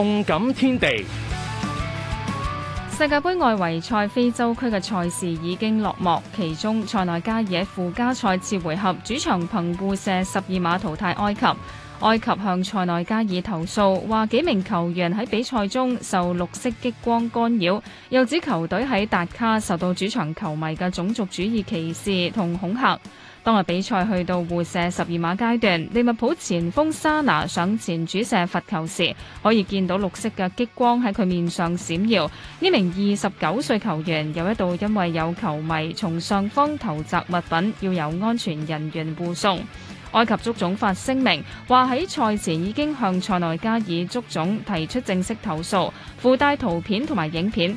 動感天地，世界杯外圍賽非洲區嘅賽事已經落幕，其中塞內加爾喺附加賽次回合主場憑布射十二碼淘汰埃及。埃及向塞內加爾投訴，話幾名球員喺比賽中受綠色激光干擾，又指球隊喺達卡受到主場球迷嘅種族主義歧視同恐嚇。當日比賽去到互射十二碼階段，利物浦前鋒沙拿上前主射罰球時，可以見到綠色嘅激光喺佢面上閃耀。呢名二十九歲球員有一度因為有球迷從上方投擲物品，要有安全人員護送。埃及足總發聲明話喺賽前已經向塞內加爾足總提出正式投訴，附帶圖片同埋影片。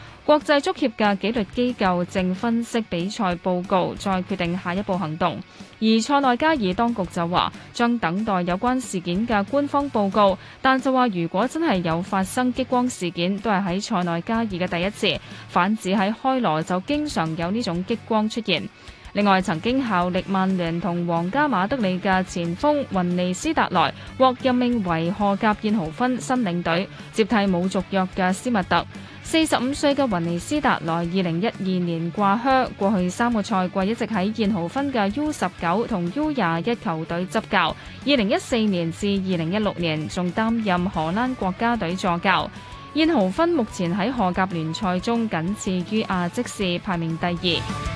國際足協嘅紀律機構正分析比賽報告，再決定下一步行動。而塞內加爾當局就話將等待有關事件嘅官方報告，但就話如果真係有發生激光事件，都係喺塞內加爾嘅第一次，反指喺開羅就經常有呢種激光出現。另外，曾經效力曼聯同皇家馬德里嘅前鋒雲尼斯達萊獲任命為荷甲燕豪芬新領隊，接替冇續約嘅斯密特。四十五歲嘅雲尼斯達來二零一二年掛靴，過去三個賽季一直喺燕豪芬嘅 U 十九同 U 廿一球隊執教。二零一四年至二零一六年仲擔任荷蘭國家隊助教。燕豪芬目前喺荷甲聯賽中僅次於亞積士，排名第二。